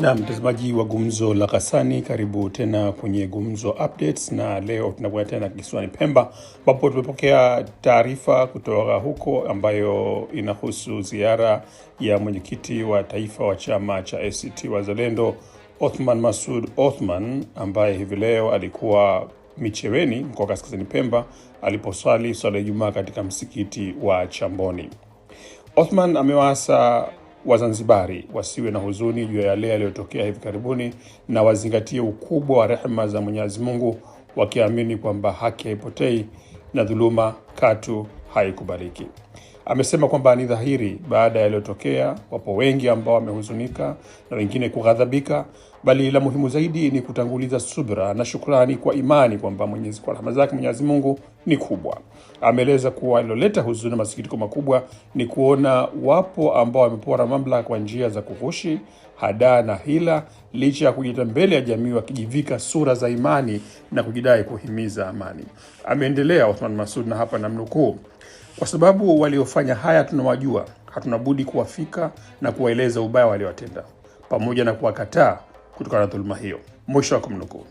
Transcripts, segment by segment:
Na mtazamaji wa Gumzo la kasani karibu tena kwenye Gumzo Updates, na leo tunakuenda tena kisiwani Pemba ambapo tumepokea taarifa kutoka huko ambayo inahusu ziara ya mwenyekiti wa taifa wa chama cha ACT Wazalendo Othman Masud Othman ambaye hivi leo alikuwa Micheweni mkoa kaskazini Pemba aliposwali swala ya jumaa katika msikiti wa Chamboni. Othman amewasa Wazanzibari wasiwe na huzuni juu ya yale yaliyotokea hivi karibuni, na wazingatie ukubwa wa rehema za Mwenyezi Mungu, wakiamini kwamba haki haipotei na dhuluma katu haikubaliki. Amesema kwamba ni dhahiri baada ya yaliyotokea, wapo wengi ambao wamehuzunika na wengine kughadhabika, bali la muhimu zaidi ni kutanguliza subra na shukrani kwa imani kwamba Mwenyezi, kwa rahma zake Mwenyezi Mungu ni kubwa. Ameeleza kuwa aliloleta huzuni na masikitiko makubwa ni kuona wapo ambao wamepora mamlaka kwa njia za kughushi, hadaa na hila, licha ya kujita mbele ya jamii wakijivika sura za imani na kujidai kuhimiza amani. Ameendelea Othman Masud, na hapa namnukuu kwa sababu waliofanya haya tunawajua, hatuna budi kuwafika na kuwaeleza ubaya waliowatenda, pamoja na kuwakataa kutokana na dhuluma hiyo. Mwisho wa kumnukuu.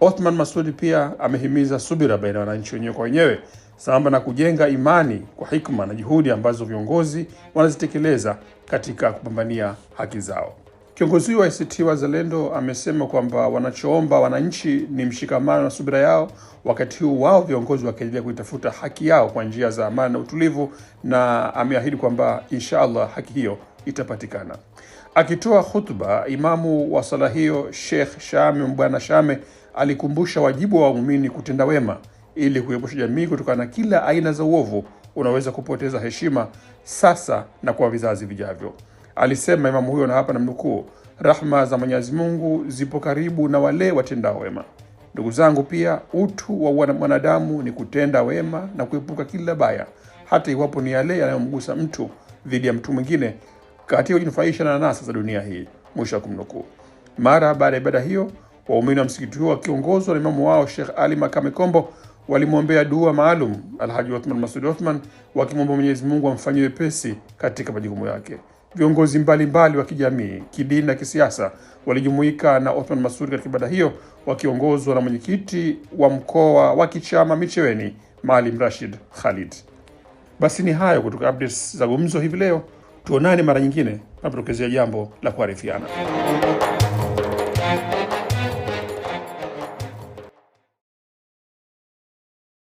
Othman Masudi pia amehimiza subira baina ya wananchi wenyewe kwa wenyewe sambamba na kujenga imani kwa hikma na juhudi ambazo viongozi wanazitekeleza katika kupambania haki zao. Kiongozi wa ACT Wazalendo amesema kwamba wanachoomba wananchi ni mshikamano na subira yao, wakati huu wao viongozi wakiendelea kuitafuta haki yao kwa njia za amani na utulivu, na ameahidi kwamba insha allah haki hiyo itapatikana. Akitoa hutuba, imamu wa sala hiyo Sheikh Shame Mbwana Shame alikumbusha wajibu wa waumini kutenda wema ili kuepusha jamii kutokana na kila aina za uovu unaweza kupoteza heshima sasa na kwa vizazi vijavyo. Alisema imamu huyo, na hapa namnukuu, rahma za Mwenyezi Mungu zipo karibu na wale watendao wema. Ndugu zangu, pia utu wa mwanadamu ni kutenda wema na kuepuka kila baya, hata iwapo ni yale yanayomgusa mtu dhidi ya mtu mwingine katika kujinufaisha na anasa za dunia hii. Mwisho wa kumnukuu. Mara baada ya ibada hiyo, waumini wa msikiti huo wakiongozwa na imamu wao shekh Ali Makame Kombo walimwombea dua maalum Alhaji Uthman Masudi Uthman, wakimwomba Mwenyezi Mungu amfanyie wepesi katika majukumu yake. Viongozi mbalimbali wa kijamii, kidini na kisiasa walijumuika na Othman masuri katika ibada hiyo wakiongozwa na mwenyekiti wa mkoa wa kichama Micheweni, Maalim Rashid Khalid. Basi ni hayo kutoka updates za gumzo hivi leo. Tuonane mara nyingine napotokezea jambo la kuarifiana.